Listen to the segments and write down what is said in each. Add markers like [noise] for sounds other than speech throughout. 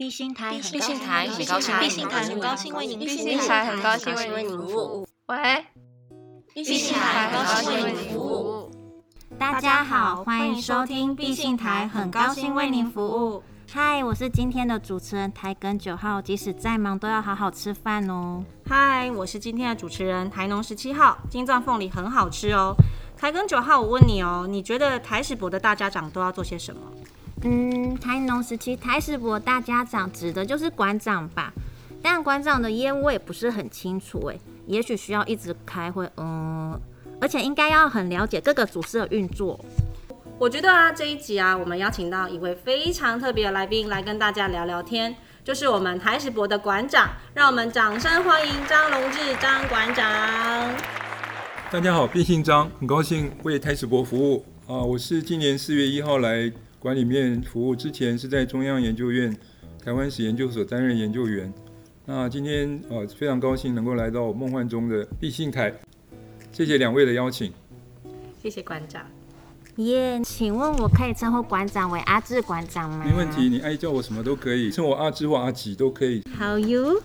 敝姓臺，敝姓臺，很高興為信台,台,台,台,台,台,台,台,台很高興為您服務。喂，敝姓臺很高興為您服務。大家好，歡迎收聽敝姓臺很，台很高興為您服務。嗨，我是今天的主持人台耕九號，即使再忙都要好好吃飯哦。嗨，我是今天的主持人台農十七號，金鑽鳳梨很好吃哦。台耕九號，我問你哦，你覺得台史博的大家長都要做些什麼？嗯，台農時期，台史博大家長指的就是館長吧？但館長的業務我也不是很清楚、欸，哎，也許需要一直開會，嗯，而且應該要很了解各個組織的運作。我覺得啊，這一集啊，我們邀請到一位非常特別的來賓來跟大家聊聊天，就是我們台史博的館長，讓我們掌聲歡迎張隆志張館長。大家好，敝姓張，很高興為台史博服務。啊，我是今年四月一號來館裡面服務之前是在中央研究院台灣史研究所擔任研究員。那今天呃非常高興能夠來到夢幻中的敝姓臺，謝謝兩位的邀請。謝謝館長。耶、yeah,，請問我可以稱呼館長為阿志館長嗎？沒問題，你愛叫我什麼都可以，稱我阿志或阿吉都可以。好 How you？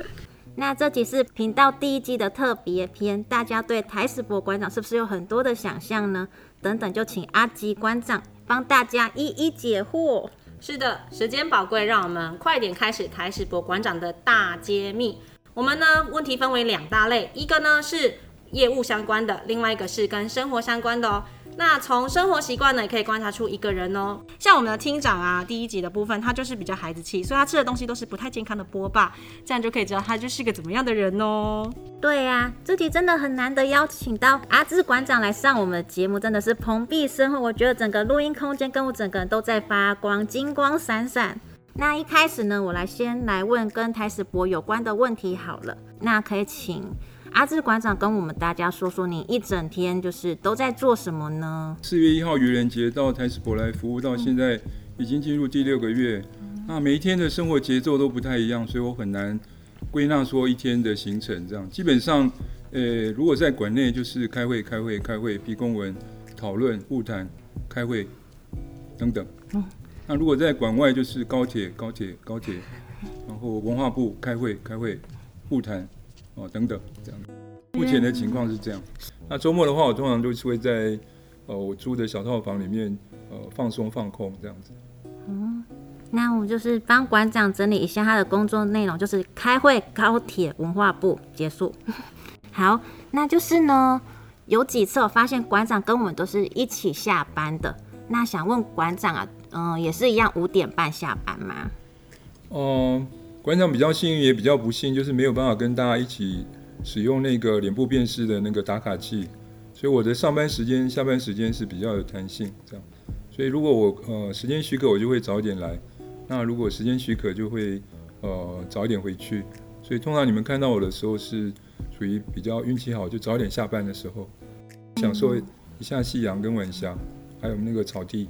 [laughs] 那這集是頻道第一季的特別篇，大家對台史博館長是不是有很多的想象呢？等等，就請阿志館長幫大家一一解惑。是的，時間寶貴，讓我們快點開始，臺史博館長的大揭秘。我們呢，問題分為兩大類，一個呢是業務相關的，另外一個是跟生活相關的哦。那從生活習慣呢，也可以觀察出一個人哦、喔。像我們的廳長啊，第一集的部分，他就是比較孩子氣，所以他吃的東西都是不太健康的波霸，這樣就可以知道他就是個怎麼樣的人哦、喔。對呀、啊，這集真的很難得邀請到阿志館長來上我們的節目，真的是蓬蓽生輝。我覺得整個錄音空間跟我整個人都在發光，金光閃閃。那一開始呢，我來先來問跟台史博有關的問題好了。那可以請。阿志館長跟我們大家說說，你一整天就是都在做什麼呢？四月一號愚人節到臺史博來服務到現在，已經進入第六個月、嗯。那每一天的生活節奏都不太一樣，所以我很難歸納說一天的行程這樣。基本上，呃，如果在館內就是開會、開會、開會、批公文、討論、晤談、開會等等、嗯。那如果在館外就是高鐵、高鐵、高鐵，然後文化部開會、開會、晤談。哦，等等，這樣。目前的情況是這樣。那周末的話，我通常就是會在，呃，我租的小套房裡面，呃，放鬆放空這樣子。嗯，那我們就是幫館長整理一下他的工作內容，就是開會、高鐵、文化部，結束。好，那就是呢，有幾次我發現館長跟我們都是一起下班的。那想問館長啊，嗯，也是一樣五點半下班嗎？哦、嗯。館長比較幸運，也比較不幸，就是沒有辦法跟大家一起使用那個臉部辨識的那個打卡器，所以我的上班時間、下班時間是比較有彈性。這樣，所以如果我呃時間許可，我就會早點來；那如果時間許可，就會呃早點回去。所以通常你們看到我的時候是屬於比較運氣好，就早點下班的時候，享受一下夕陽跟晚霞，還有那個草地。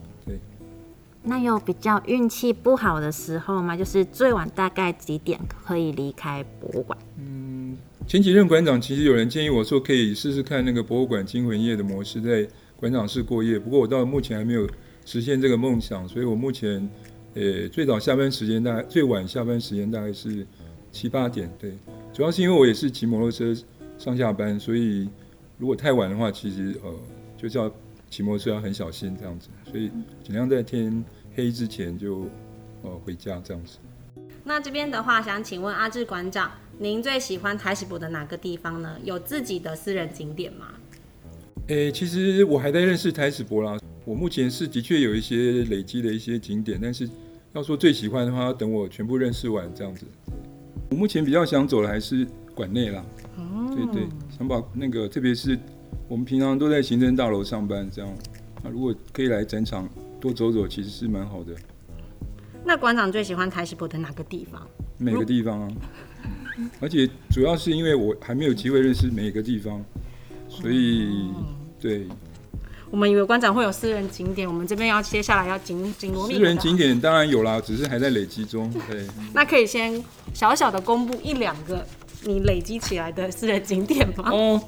那有比較運氣不好的時候嗎？就是最晚大概幾點可以離開博物館？嗯，前幾任館長其實有人建議我說，可以試試看那個博物館驚魂夜的模式，在館長室過夜。不過我到目前還沒有實現這個夢想，所以我目前呃、欸、最早下班時間大概，最晚下班時間大概是七八點。對，主要是因為我也是騎摩托車上下班，所以如果太晚的話，其實呃就是要。騎摩托車要很小心，這樣子，所以盡量在天黑之前就、呃、回家這樣子。那這邊的話，想請問阿志館長，您最喜歡台史博的哪個地方呢？有自己的私人景點嗎？誒、欸，其實我還在認識台史博啦。我目前是的確有一些累積的一些景點，但是要說最喜歡的話，要等我全部認識完這樣子。我目前比較想走的還是館內啦。哦，對、對對，想把那個特別是。我們平常都在行政大樓上班，這樣，那、啊、如果可以來展場多走走，其實是蠻好的。那館長最喜歡臺史博的哪個地方？每個地方啊，而且主要是因為我還沒有機會認識每個地方，所以、嗯嗯嗯、對。我們以為館長會有私人景點，我們這邊要接下來要緊緊鑼密鼓。私人景點當然有啦，只是還在累積中，對。 [laughs] 那可以先小小的公布一兩個你累積起來的私人景點嗎？哦、oh,。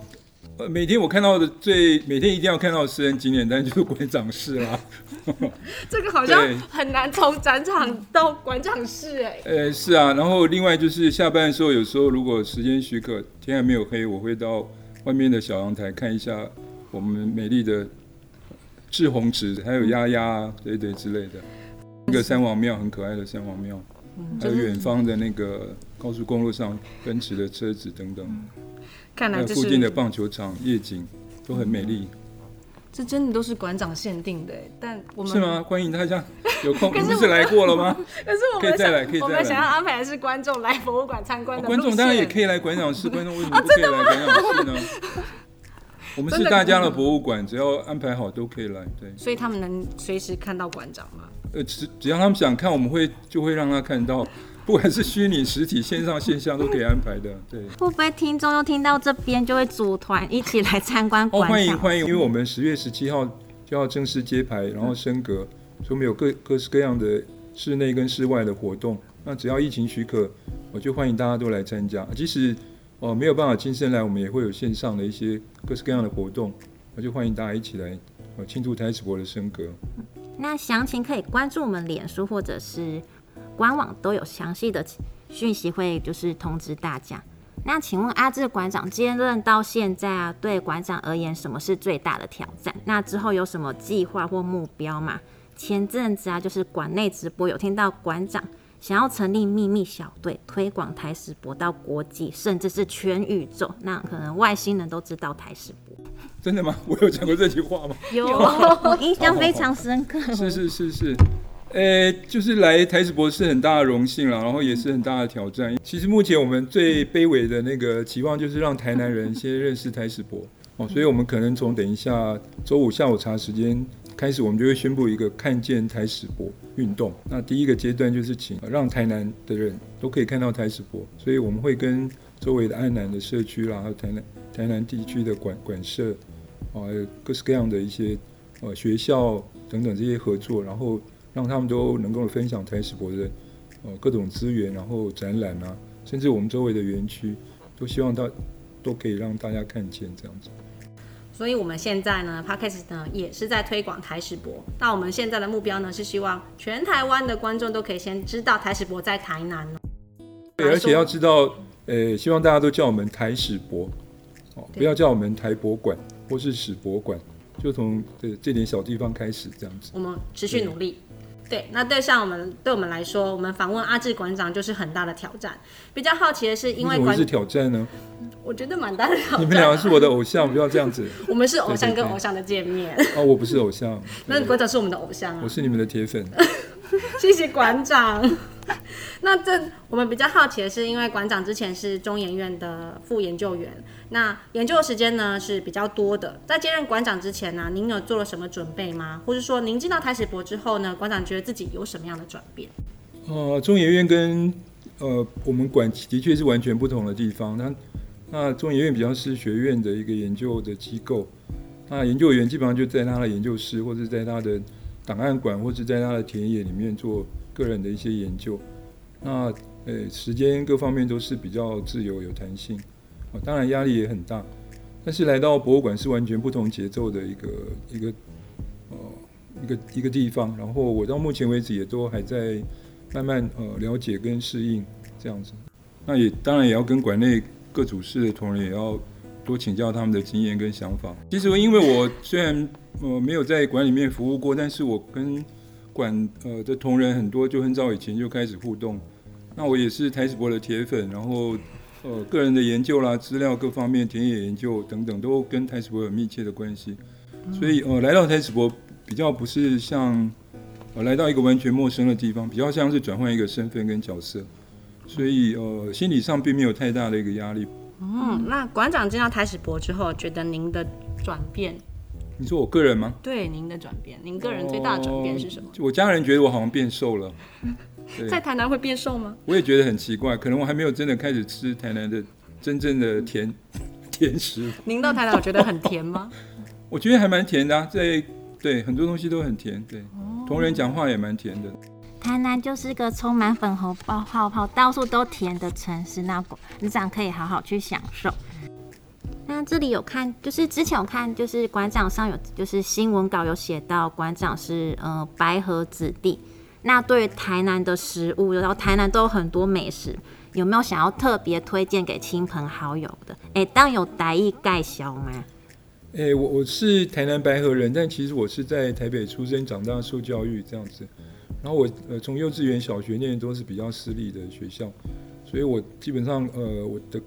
呃，每天我看到的最每天一定要看到的私人景點，但就是館長室啦。 [laughs] [laughs] 這個好像很難從展場到館長室哎、欸。呃、嗯欸，是啊，然後另外就是下班的時候，有時候如果時間許可，天還沒有黑，我會到外面的小陽台看一下我們美麗的赤紅池，還有鴨鴨、啊、對，對對之類的。那個三王廟很可愛的三王廟、嗯就是，還有遠方的那個高速公路上奔馳的車子等等。嗯看來，就是，那附近的棒球場夜景都很美麗，嗯，這真的都是館長限定的，但我們是嗎？歡迎大家有空， [laughs] 你不是來過了嗎？可 [laughs] 是我們想可以再來可以再來，我們想要安排的是觀眾來博物館參觀的路線，哦，觀眾當然也可以來館長室， [laughs] 觀眾為什麼不可以來館長室呢？ [laughs] [laughs] [laughs] 我們是大家的博物館，只要安排好都可以來。對，所以他們能隨時看到館長嗎？呃，只只要他們想看，我們會就會讓他看到。不管是虛擬、實體、線上、線下都可以安排的，對。會不會聽眾又聽到這邊就會組團一起來參觀觀哦，歡迎歡迎，因為我們十月十七號就要正式揭牌，然後升格，嗯、所以我們有各各式各樣的室內跟室外的活動。那只要疫情許可，我就歡迎大家都來參加。即使哦、呃、沒有辦法親身來，我們也會有線上的一些各式各樣的活動，我就歡迎大家一起來我慶祝臺史博的升格。那詳情可以關注我們臉書或者是。官網都有詳細的訊息，會就是通知大家。那請問阿志館長兼任到現在啊，對館長而言，什麼是最大的挑戰？那之後有什麼計劃或目標嗎？前陣子啊，就是館內直播有聽到館長想要成立秘密小隊，推廣臺史博到國際，甚至是全宇宙。那可能外星人都知道臺史博。真的嗎？我有講過這句話嗎？ [laughs] 有，有 [laughs] 我印象非常深刻。好好好，是是是是。呃，就是來台史博是很大的榮幸啦，然後也是很大的挑戰。其實目前我們最卑微的那個期望就是讓台南人先認識台史博哦，所以我們可能從等一下週五下午茶時間開始，我們就會宣布一個看見台史博運動。那第一個階段就是請讓台南的人都可以看到台史博，所以我們會跟周圍的安南的社區啦，還有台南台南地區的館館舍啊、哦，各式各樣的一些呃學校等等這些合作，然後。讓他們都能夠分享台史博的呃各種資源，然後展覽啊，甚至我們周圍的園區，都希望大都可以讓大家看見這樣子。所以，我們現在呢 Podcast 呢也是在推廣台史博。那我們現在的目標呢，是希望全台灣的觀眾都可以先知道台史博在台南。對，而且要知道，呃，希望大家都叫我們台史博，哦，不要叫我們台博館或是史博館，就從這這點小地方開始這樣子。我們持續努力。對，那對像我們對我們來說，我們訪問阿志館長就是很大的挑戰。比較好奇的是，因為，為什麼是挑戰呢？我覺得蠻大的挑戰。你們兩個是我的偶像， [laughs] 不要這樣子。 [laughs] 我們是偶像跟偶像的見面。對對對哦，我不是偶像。那館長是我們的偶像啊。我是你們的鐵粉， [laughs] 謝謝館長。 [laughs] [laughs] 那這我們比較好奇的是，因為館長之前是中研院的副研究員。那研究的時間呢是比較多的。在兼任館長之前呢，您有做了什麼準備嗎？或者說，您進到台史博之後呢，館長覺得自己有什麼樣的轉變？呃，中研院跟呃我們館的確是完全不同的地方。那那中研院比較是學院的一個研究的機構，那研究員基本上就在他的研究室，或者在他的檔案館，或者在他的田野裡面做個人的一些研究。那呃、欸，時間各方面都是比較自由有彈性。當然壓力也很大，但是來到博物館是完全不同節奏的一個一個呃一個一個地方。然後我到目前為止也都還在慢慢呃了解跟適應這樣子。那也當然也要跟館內各組室的同仁也要多請教他們的經驗跟想法。其實因為我雖然呃沒有在館裡面服務過，但是我跟館呃的同仁很多就很早以前就開始互動。那我也是台史博的鐵粉，然後。呃，個人的研究啦，資料各方面田野研究等等，都跟台史博有密切的關係。嗯，所以呃，來到台史博比較不是像，呃，來到一個完全陌生的地方，比較像是轉換一個身份跟角色，所以呃，心理上並沒有太大的一個壓力。嗯，那館長進到台史博之後，覺得您的轉變，你說我個人嗎？對，您的轉變，您個人最大的轉變是什麼？呃，我家人覺得我好像變瘦了。 [laughs] 在台南會變瘦嗎？我也覺得很奇怪，可能我還沒有真的開始吃台南的真正的甜甜食。 [laughs] 您到台南，我覺得很甜嗎？哦、我覺得還蠻甜的、啊，在對很多東西都很甜，對。哦、同仁講話也蠻甜的。台南就是個充滿粉紅泡泡，泡，泡、泡到處都甜的城市，那館長可以好好去享受。那這裡有看，就是之前我看就是館長上有就是新聞稿有寫到，館長是、呃、白河子弟。那對於台南的食物，然後台南都有很多美食，有沒有想要特別推薦給親朋好友的？哎、欸，當然有，台語介紹嗎？哎、欸，我我是台南白河人，但其實我是在台北出生長大、受教育這樣子。然後我呃從幼稚園、小學念的都是比較私立的學校，所以我基本上呃我的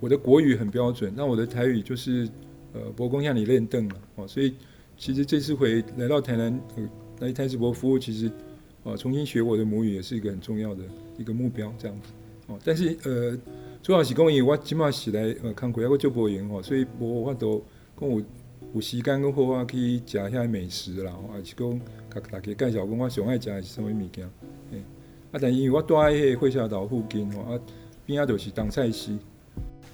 我的國語很標準，那我的台語就是呃伯公讓你練凳嘛哦，所以其實這次回來到台南、呃、來臺史博服務，其實。哦，重新學我的母語也是一個很重要的一個目標，這樣子。哦，但是呃，主要是講因為我今嘛是來呃看國，要過做播員哦，所以無法度講有有時間跟伙伴去食遐美食啦，也、哦、是講給大家介紹講我上愛食的是啥物物件。哎，啊，但是因為我住在迄個會社島附近哦，啊，邊啊就是當菜市。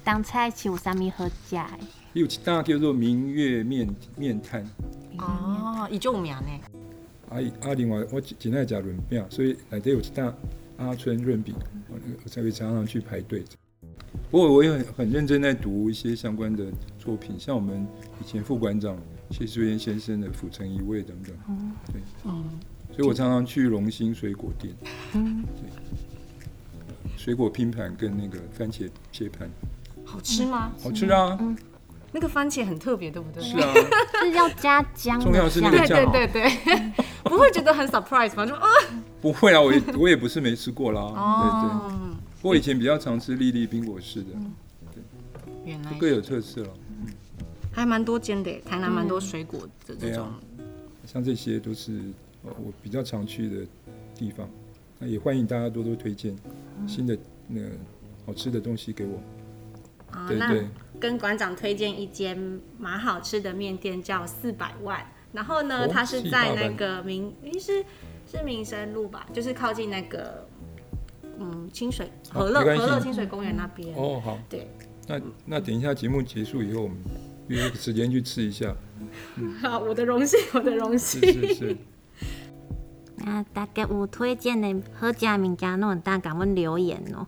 當菜市有啥物好食的？伊有一搭叫做明月麵麵攤。哦，伊就有名呢。阿阿玲，我我今天吃潤餅，所以哪天我知阿春潤餅，okay. 我才會常常去排隊。不過我也很很認真在讀一些相關的作品，像我們以前副館長謝仕淵先生的《府城一味》等等，嗯。對，嗯，所以我常常去榮興水果店，嗯嗯，水果拼盤跟那個番茄切盤，嗯，好吃，嗯、嗎？好吃啊、嗯，那個番茄很特別，對不對？是啊， [laughs] 是要加薑，重要是那個醬對，對對對。 [laughs] [laughs] 不會覺得很 surprise 嗎？就啊？不會啊，我也我也不是沒吃過啦。哦 [laughs] 對對對。我以前比較常吃莉莉冰果室的。對對對。原來。這個，各有特色了，嗯。還蠻多間的，台南蠻多水果的這種，嗯啊。像這些都是我比較常去的地方，那也歡迎大家多多推薦新的那個好吃的東西給我。嗯、對，對對，哦、跟館長推薦一間蠻好吃的麵店，叫四百萬。然後呢、哦，它是在那個民誒是是民生路吧，就是靠近那個嗯清水、啊、河樂河樂清水公園那邊、嗯、哦好對，嗯、那那等一下節目結束以後，嗯、我們約個時間去吃一下。 [laughs] 嗯、好，我的榮幸，我的榮幸。那、 [laughs] 啊、大家推大我推薦的客家名家，那種蛋敢問留言哦。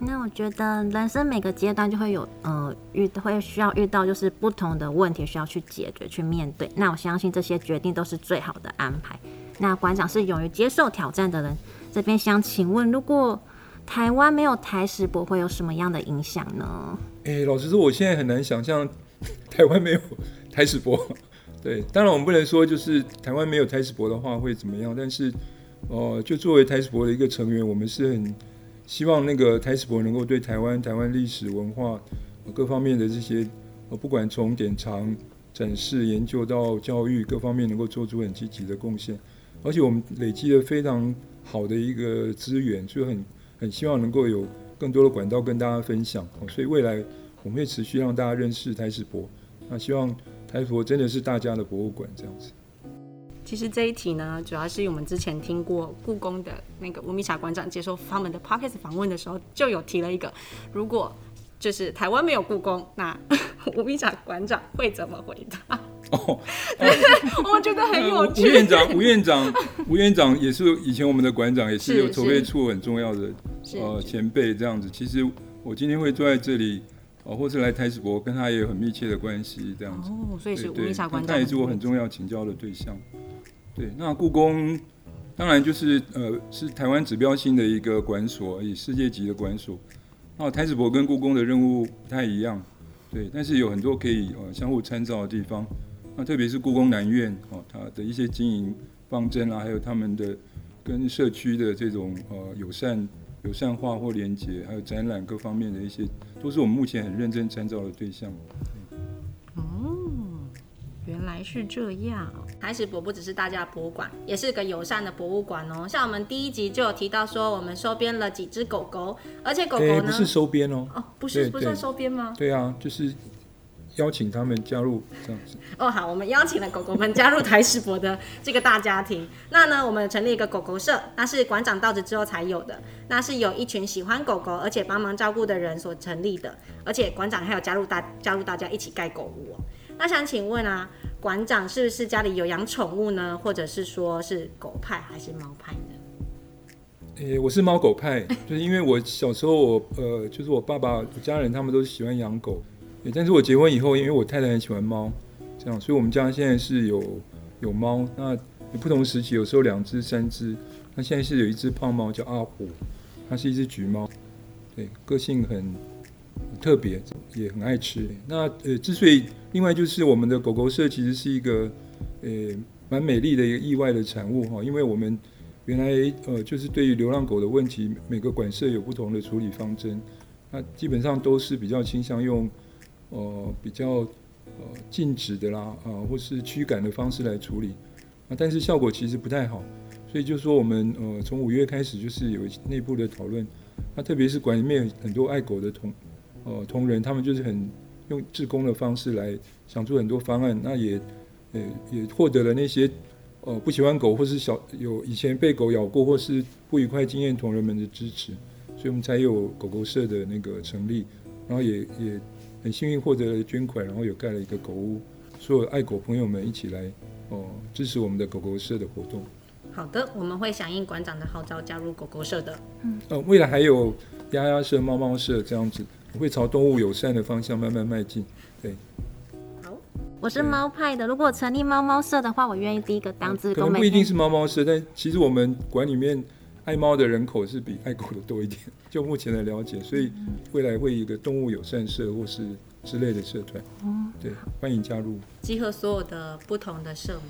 那我覺得人生每個階段就會有，呃，遇到會需要遇到就是不同的問題，需要去解決、去面對。那我相信這些決定都是最好的安排。那館長是勇於接受挑戰的人，這邊想請問，如果台灣沒有台史博，會有什麼樣的影響呢？哎、欸，老實說，我現在很難想象台灣沒有台史博。 [laughs] 對，當然我們不能說就是台灣沒有台史博的話會怎麼樣，但是，呃，就作為台史博的一個成員，我們是很。希望那個台史博能夠對台灣台灣歷史文化各方面的這些，呃，不管從典藏、展示、研究到教育各方面，能夠做出很積極的貢獻。而且我們累積了非常好的一個資源，所以很很希望能夠有更多的管道跟大家分享。所以未來我們會持續讓大家認識台史博，那希望台史博真的是大家的博物館這樣子。其實這一題呢，主要是我們之前聽過故宮的那個吳密察館長接受他們的 podcast 訪問的時候，就有提了一個：如果就是台灣沒有故宮，那吳密察館長會怎麼回答？哦，哦 [laughs] 我們覺得很有趣，呃吳吳。吳院長，吳院長，吳院長也是以前我們的館長，也是有籌備處很重要的呃前輩這樣子。是是是，其實我今天會坐在這裡啊，或是來台史博，跟他也有很密切的關係這樣子。哦，所以是吳密察館長，那也是我很重要請教的對象。對，那故宮當然就是呃是台灣指標性的一個館所而已，也世界級的館所。那、哦、臺史博跟故宮的任務不太一樣，對，但是有很多可以呃、哦、相互參照的地方。那、啊、特別是故宮南院哦，它的一些經營方針啊，還有他們的跟社區的這種呃友、哦、善友善化或連結，還有展覽各方面的一些，都是我們目前很認真參照的對象。還是這樣？台史博不只是大家的博物館，也是個友善的博物館哦。像我們第一集就有提到說，我們收編了幾隻狗狗，而且狗狗呢，欸、不是收編哦，哦，不是不算收編嗎？對啊，就是邀請他們加入這樣子。哦，好，我們邀請了狗狗們加入台史博的這個大家庭。 [laughs] 那呢，我們成立一個狗狗社，那是館長到職之後才有的，那是有一群喜歡狗狗而且幫忙照顧的人所成立的，而且館長還有加入大加入大家一起蓋狗屋、哦。那想請問啊？館長是不是家裡有養寵物呢？或者是說是狗派還是貓派呢？誒、欸，我是貓狗派，就、欸，是因為我小時候我呃，就是我爸爸我家人他們都喜歡養狗、欸，但是我結婚以後，因為我太太很喜歡貓，這樣，所以我們家現在是有有貓。那不同時期有時候兩隻三隻，那現在是有一隻胖貓叫阿虎，它是一隻橘貓，對，個性很，很特別，也很愛吃。那呃、欸，之所以另外就是我們的狗狗社其實是一個，呃、欸，蠻美麗的一個意外的產物哈，因為我們原來呃就是對於流浪狗的問題，每個館舍有不同的處理方針，那基本上都是比較傾向用，呃，比較呃禁止的啦啊、呃，或是驅趕的方式來處理，啊，但是效果其實不太好，所以就是說我們呃從五月開始就是有內部的討論，那特別是館裡面很多愛狗的同，呃，同仁他們就是很。用志工的方式來想出很多方案，那也呃也獲得了那些呃不喜歡狗或是小有以前被狗咬過或是不愉快經驗同仁們的支持，所以我們才有狗狗社的那個成立，然後也也很幸運獲得了捐款，然後又蓋了一個狗屋，所以愛狗朋友們一起來哦、呃、支持我們的狗狗社的活動。好的，我們會響應館長的號召加入狗狗社的。嗯，呃，未來還有鴨鴨社、貓貓社這樣子。會朝動物友善的方向慢慢邁進，對。好，我是貓派的，如果成立貓貓社的話，我願意第一個當志工、嗯。可能不一定是貓貓社，但其實我們館裡面愛貓的人口是比愛狗的多一點，就目前的了解，所以未來會有一個動物友善社或是之類的社團。哦、嗯，對，歡迎加入。集合所有的不同的社，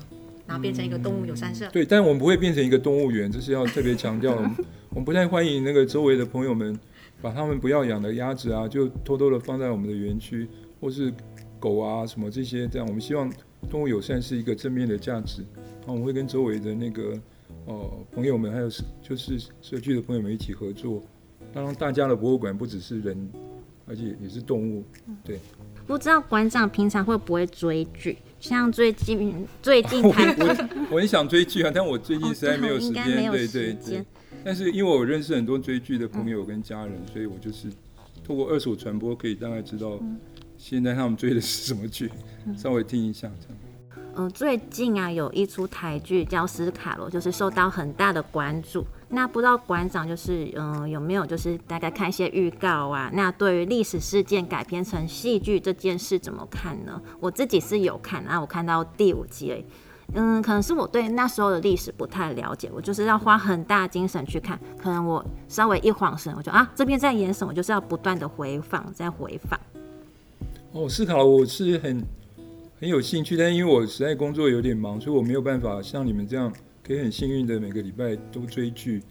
然後變成一個動物友善社。嗯、對，但我們不會變成一個動物園，這是要特別強調。 [laughs] 我們不太歡迎那個周圍的朋友們。把他們不要養的鴨子啊，就偷偷的放在我們的園區，或是狗啊什麼這些，這樣我們希望動物友善是一個正面的價值。然後我們會跟周圍的那個呃朋友們，還有就是社區的朋友們一起合作，當然大家的博物館不只是人，而且也是動物。對。不、嗯、知道館長平常會不會追劇？像最近最近台 [laughs] 我，我，我很想追劇啊，但我最近實在沒有時間、哦。對對對。對對但是因為我認識很多追劇的朋友跟家人、嗯，所以我就是透過二手傳播可以大概知道現在他們追的是什麼劇、嗯，稍微聽一下這樣。嗯，最近啊有一出台劇叫《斯卡羅》，就是受到很大的關注。那不知道館長就是嗯、呃、有沒有就是大概看一些預告啊？那對於歷史事件改編成戲劇這件事怎麼看呢？我自己是有看啊，我看到第五集而已。嗯，可能是我對那時候的歷史不太了解，我就是要花很大精神去看。可能我稍微一恍神，我就啊，這邊在演什麼，我就是要不斷的回放，再回放。哦，思考我是很很有興趣，但因為我實在工作有點忙，所以我沒有辦法像你們這樣，可以很幸運的每個禮拜都追劇。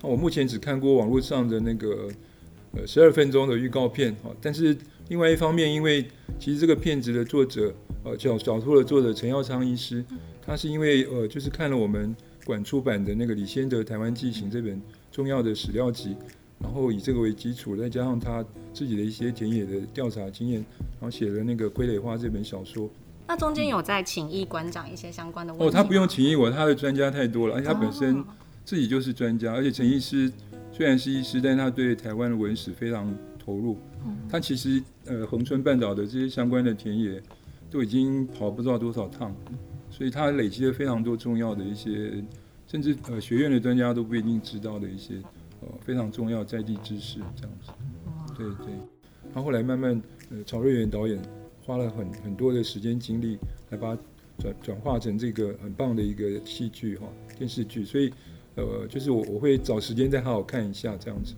我目前只看過網絡上的那個。呃，十二分鐘的預告片，好，但是另外一方面，因為其實這個片子的作者，呃，小角度的作者陳耀昌醫師，他是因為呃，就是看了我們館出版的那個李先德《台灣紀行》這本重要的史料集，然後以這個為基礎，再加上他自己的一些田野的調查經驗，然後寫了那個《傀儡花》這本小說。那中間有在請益館長一些相關的問題，哦，他不用請益我，他的專家太多了，而且他本身自己就是專家，而且陳醫師、嗯。雖然是醫師，但他對台灣的文史非常投入。他其實呃，恆春半島的這些相關的田野，都已經跑不知道多少趟，所以他累積了非常多重要的一些，甚至呃，學院的專家都不一定知道的一些呃，非常重要在地知識這樣子。對對。他後，後來慢慢呃，曹瑞原導演花了很很多的時間精力來把它轉轉化成這個很棒的一個戲劇哈電視劇，所以。呃，就是我我會找時間再好好看一下這樣子。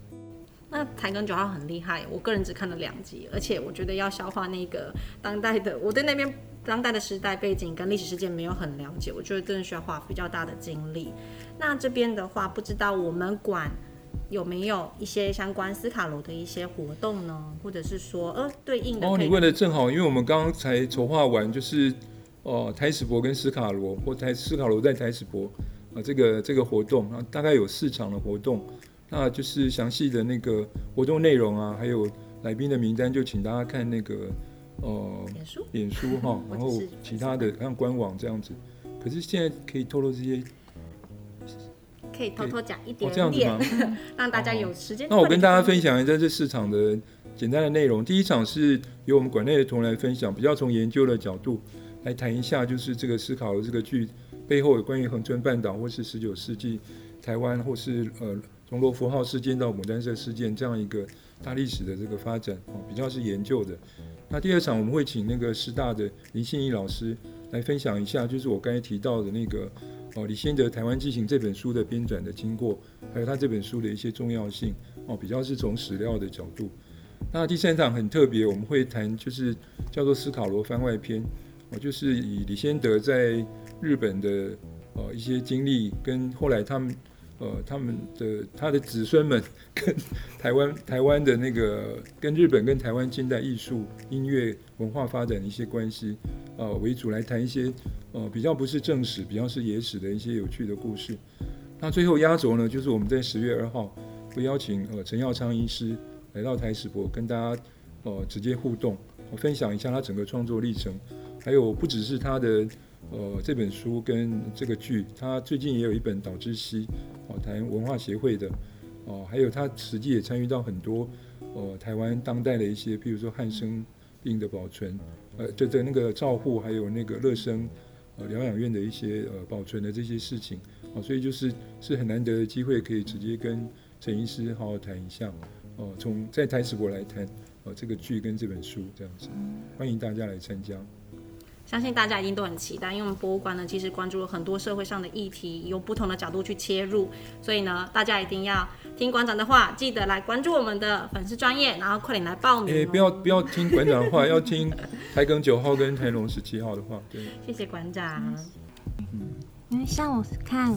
那《台根九號》很厲害，我個人只看了兩集，而且我覺得要消化那個當代的，我對那邊當代的時代背景跟歷史事件沒有很了解，我覺得真的需要花比較大的精力。那這邊的話，不知道我們館有沒有一些相關斯卡羅的一些活動呢？或者是說，呃，對應的哦，你問的正好，因為我們剛剛才籌劃完，就是哦、呃，台史博跟斯卡羅，或台斯卡羅在台史博。啊，這個這個活動啊，大概有四場的活動，那就是詳細的那個活動內容啊，還有來賓的名單，就請大家看那個呃，臉書，臉書哈，然後其他的 [laughs] 像官網這樣子。可是現在可以透露這些，可以偷偷講一點點、欸，哦這樣子嗯、 [laughs] 讓大家有時間。那我跟大家分享一下這四場的簡單的內容。第一場是由我們館內的同仁來分享，比較從研究的角度來談一下，就是這個斯卡羅的這個劇。背後有關於恆春半島，或是十九世紀台灣，或是呃，從羅發號事件到牡丹社事件這樣一個大歷史的這個發展，哦，比較是研究的。那第二場我們會請那個師大的林欣宜老師來分享一下，就是我剛才提到的那個哦，李仙得《台灣紀行》這本書的編纂的經過，還有他這本書的一些重要性哦，比較是從史料的角度。那第三場很特別，我們會談就是叫做斯卡羅番外篇，哦，就是以李仙得在日本的呃一些經歷，跟後來他們呃他們的他的子孫們跟台灣台灣的那個跟日本跟台灣近代藝術音樂文化發展的一些關係，呃為主來談一些呃比較不是正史比較是野史的一些有趣的故事。那最後壓軸呢，就是我們在十月二號會邀請呃陳耀昌醫師來到台史博跟大家呃直接互動，我分享一下他整個創作歷程，還有不只是他的。呃，這本書跟這個劇，他最近也有一本島之曦，哦、呃，談文化協會的，哦、呃，還有他實際也參與到很多，呃台灣當代的一些，譬如說漢生病的保存，呃，對對，那個照護，還有那個樂生，療、呃、養院的一些呃保存的這些事情，哦、呃，所以就是是很難得的機會，可以直接跟陳醫師好好談一下，呃，從在台史博來談，呃，這個劇跟這本書這樣子，歡迎大家來參加。相信大家一定都很期待，因為我們博物館呢，其實關注了很多社會上的議題，有不同的角度去切入，所以呢，大家一定要聽館長的話，記得來關注我們的粉絲專頁，然後快點來報名哦。欸，不要不要聽館長的話， [laughs] 要聽台庚九號跟台龍十七號的話。對，謝謝館長。嗯，因為下午看。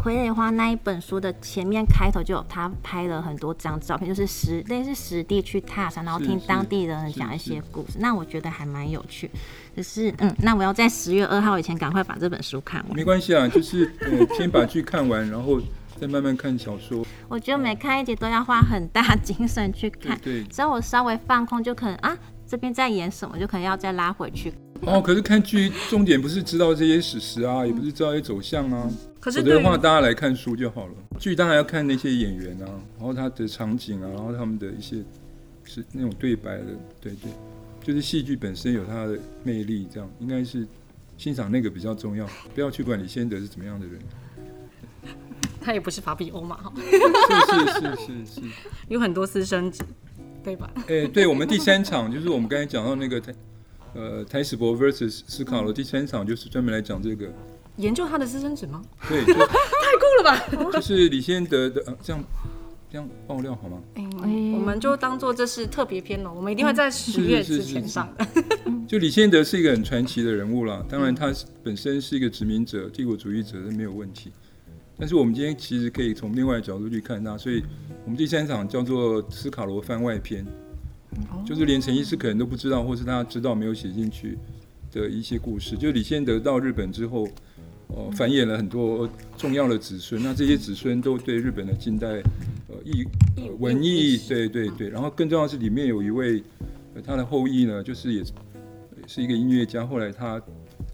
《傀儡花》那一本書的前面開頭就有他拍了很多張照片，就是實那是實地去踏勘，然後聽當地人講一些故事，是是是是，那我覺得還蠻有趣。就是，是，是，只是嗯，那我要在十月二號以前趕快把這本書看完，沒關係啊，就是、嗯、先把劇看完， [laughs] 然後再慢慢看小說。我覺得每看一集都要花很大精神去看，嗯、對，對，只要我稍微放空，就可能啊，這邊在演什麼，就可能要再拉回去。哦，可是看劇重點不是知道這些史實啊， [laughs] 也不是知道一些走向啊。否則的話，大家來看書就好了。劇當然要看那些演員啊，然後他的場景啊，然後他們的一些是那種對白的，對對，對，就是戲劇本身有它的魅力，這樣應該是欣賞那個比較重要，不要去管李仙德是怎麼樣的人。他也不是法比歐嘛，哈， [laughs] 是是是是是，有很多私生子，對吧？哎、欸，對，我們第三場 [laughs] 就是我們剛才講到那個台，呃，臺史博 vs 斯卡羅。第三場就是專門來講這個。研究他的私生子嗎？對， [laughs] 太酷了吧！就是李仙德的、啊、這樣這樣爆料好嗎？嗯嗯、我們就當做這是特別篇哦，我們一定會在十月之前上，是是是是上 [laughs] 就李仙德是一個很傳奇的人物啦。當然，他本身是一個殖民者、帝國主義者，沒有問題。但是我們今天其實可以從另外的角度去看他。所以，我們第三場叫做《斯卡羅番外篇》，就是連陳醫師可能都不知道，或是他知道沒有寫進去的一些故事。就李仙德到日本之後。呃，繁衍了很多重要的子孫。那這些子孫都對日本的近代，呃，藝、呃、文藝，對對對。然後更重要的是裡面有一位、呃，他的後裔呢，就是也是一個音樂家。後來他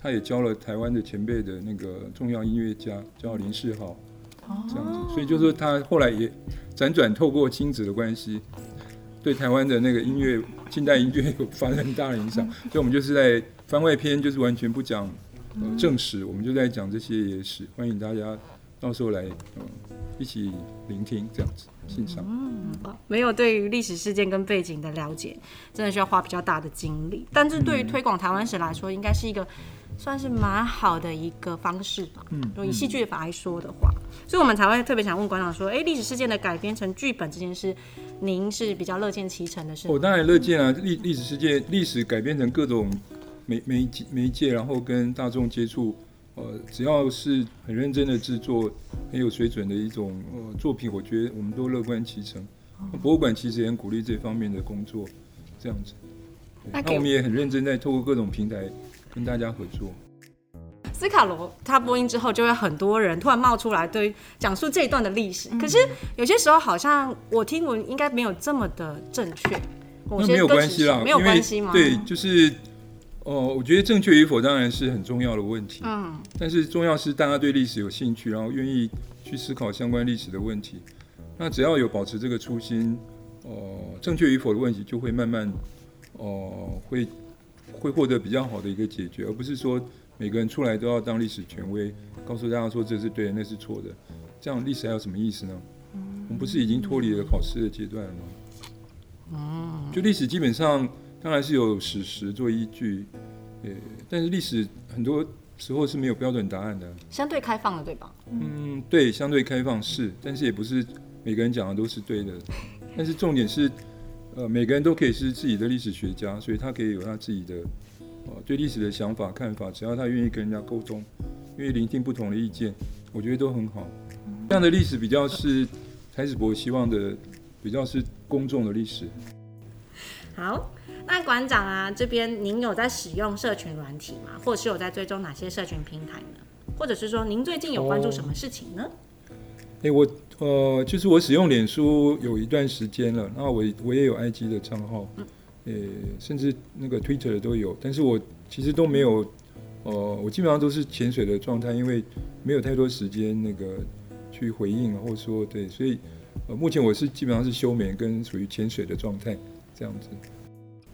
他也教了台灣的前輩的那個重要音樂家，叫林世豪，這樣子。所以就是說他後來也輾轉透過親子的關係，對台灣的那個音樂，近代音樂有發生很大的影響。所以我們就是在番外篇，就是完全不講。證、呃、正史我們就在講這些也是歡迎大家到時候來，呃、一起聆聽這樣子，欣賞。嗯，沒有對於歷史事件跟背景的了解，真的需要花比較大的精力。但是對於推廣台灣史來說，應該是一個算是蠻好的一個方式吧。嗯，以戲劇法來說的話、嗯，所以我們才會特別想問館長說，哎、欸，歷史事件的改編成劇本這件事，您是比較樂見其成的事我、哦、當然樂見啊，歷、嗯、歷史事件歷史改編成各種。媒媒介，然後跟大眾接觸，呃，只要是很認真的製作，很有水準的一種呃作品，我覺得我們都樂觀其成。嗯、博物館其實也很鼓勵這方面的工作，這樣子。那我們也很認真在透過各種平台跟大家合作。斯卡羅他播音之後，就會很多人突然冒出來，對講述這一段的歷史。嗯、可是有些時候，好像我聽聞應該沒有這麼的正確。嗯、我覺得那沒有關係啦，沒有關係嗎？對，就是。哦、呃，我覺得正確與否當然是很重要的問題。但是重要是大家對歷史有興趣，然後願意去思考相關歷史的問題。那只要有保持這個初心，哦、呃，正確與否的問題就會慢慢，哦、呃，會會獲得比較好的一個解決，而不是說每個人出來都要當歷史權威，告訴大家說這是對的，那是錯的。這樣歷史還有什麼意思呢？我們不是已經脫離了考試的階段了嗎？嗯，就歷史基本上。當然是有史實做依據，呃、欸，但是歷史很多時候是沒有標準答案的，相對開放的，對吧？嗯，對，相對開放式，但是也不是每個人講的都是對的。 [laughs] 但是重點是，呃，每個人都可以是自己的歷史學家，所以他可以有他自己的啊、呃、對歷史的想法、看法，只要他願意跟人家溝通，願意聆聽不同的意見，我覺得都很好。嗯、這樣的歷史比較是台史博希望的，比較是公眾的歷史。好。那館長啊，這邊您有在使用社群軟體嗎？或是有在追蹤哪些社群平台呢？或者是說您最近有關注什麼事情呢？哎、哦欸，我呃，就是我使用臉書有一段時間了，那我我也有 IG 的賬號，呃、嗯欸，甚至那個 Twitter 的都有，但是我其實都沒有，呃，我基本上都是潛水的狀態，因為沒有太多時間那個去回應，或說對，所以呃，目前我是基本上是休眠跟屬於潛水的狀態這樣子。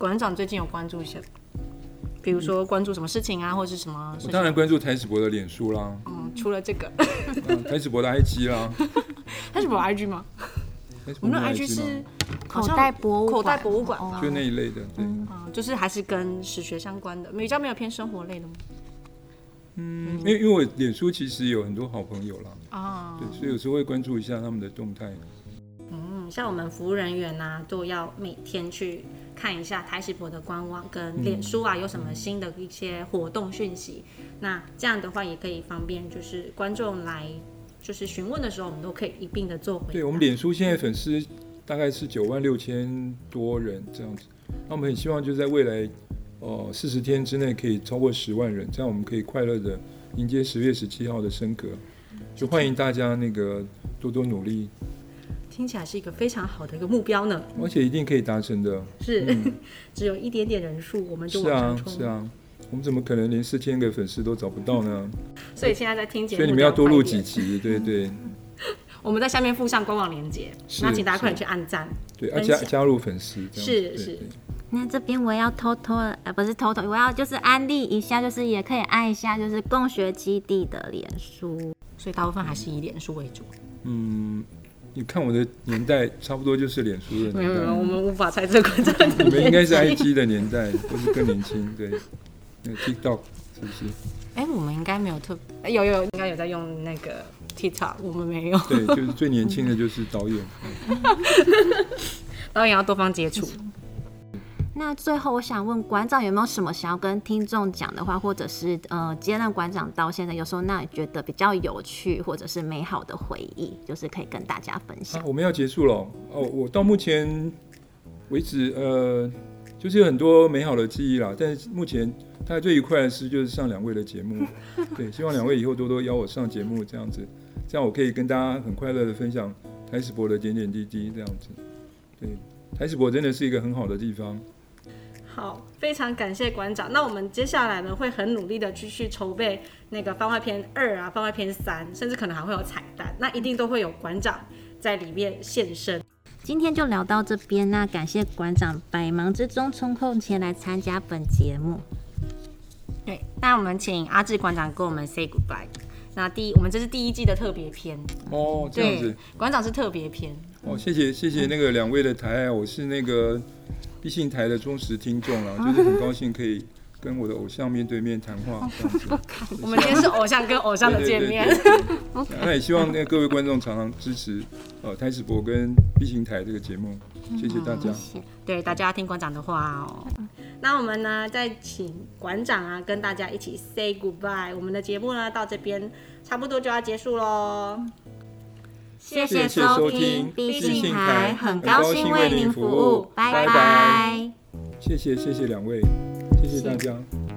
館長最近有關注一下，比如說關注什麼事情啊，嗯、或者是什麼？我當然關注臺史博的臉書啦、嗯。除了這個， [laughs] 啊、臺史博的 IG 啦。臺 [laughs] 史博的 IG 嗎？我們的 IG 是口袋博物館，口袋博物館，就那一類的對。嗯，就是還是跟史學相關的，比較沒有偏生活類的嗎？嗯、因、嗯、為，因為我臉書其實有很多好朋友啦、啊，對，所以有時候會關注一下他們的動態。像我們服務人員呢、啊，都要每天去看一下台史博的官網跟臉書啊、嗯，有什麼新的一些活動訊息。那這樣的話也可以方便，就是觀眾來就是詢問的時候，我們都可以一併的做回。對，我們臉書現在粉絲大概是九萬六千多人這樣子。那我們很希望就在未來呃四十天之內可以超過十萬人，這樣我們可以快樂的迎接十月十七號的升格。就歡迎大家那個多多努力。聽起來是一個非常好的一個目標呢，而且一定可以達成的。嗯、是、嗯，只有一點點人數，我們就往上衝，是啊，是啊，我們怎麼可能連四千個粉絲都找不到呢、嗯？所以現在在聽節目，所以你們要多錄幾集，嗯、對，對對。我們在下面附上官網鏈接，那請大家快點去按讚，對，啊、加加入粉絲。是是對對對，那這邊我要偷偷，呃，不是偷偷，我要就是安利一下，就是也可以按一下，就是共學基地的臉書。所以大部分還是以臉書為主。嗯。你看我的年代，差不多就是臉書的年代。沒有沒有，我們無法猜測這個年代。你們應該是 IG 的年代，或是更年輕，對。TikTok 是不是？哎，我們應該沒有特，有有有，應該有在用那個 TikTok，我們沒有。對，就是最年輕的就是導演。導演要多方接觸。那最後，我想問館長有沒有什麼想要跟聽眾講的話，或者是呃，接任館長到現在，有時候那覺得比較有趣或者是美好的回憶，就是可以跟大家分享。啊，我們要結束了哦，我到目前為止，呃，就是有很多美好的記憶啦。但是目前大概最愉快的事就是上兩位的節目， [laughs] 對，希望兩位以後多多邀我上節目這，這樣子，這樣我可以跟大家很快樂的分享台史博的點點滴滴，這樣子。對，台史博真的是一個很好的地方。好，非常感謝館長。那我們接下來呢，會很努力的繼續籌備那個番外篇二啊、番外篇三，甚至可能還會有彩蛋。那一定都會有館長在裡面現身。今天就聊到這邊、啊，那感謝館長百忙之中抽空前來參加本節目。那我們請阿志館長跟我們 say goodbye。那第一，我們這是第一季的特別篇。哦、嗯，這樣子。館長是特別篇。哦，謝謝謝謝那個兩位的抬愛，我是那個。敝姓臺的忠實聽眾啦、啊，就是很高興可以跟我的偶像面對面談話。 [laughs] 我們今天是偶像跟偶像的見面。那、 [laughs] [laughs] okay. 啊、也希望各位觀眾常常支持哦、呃，台史博跟敝姓臺這個節目、 [laughs] 嗯，謝謝大家。對，大家要聽館長的話哦。 [laughs] 那我們呢，再請館長啊，跟大家一起 say goodbye。我們的節目呢，到這邊差不多就要結束嘍。謝謝收聽，敝姓臺很高興為您服務，拜拜。謝謝謝謝兩位，謝謝大家。謝謝。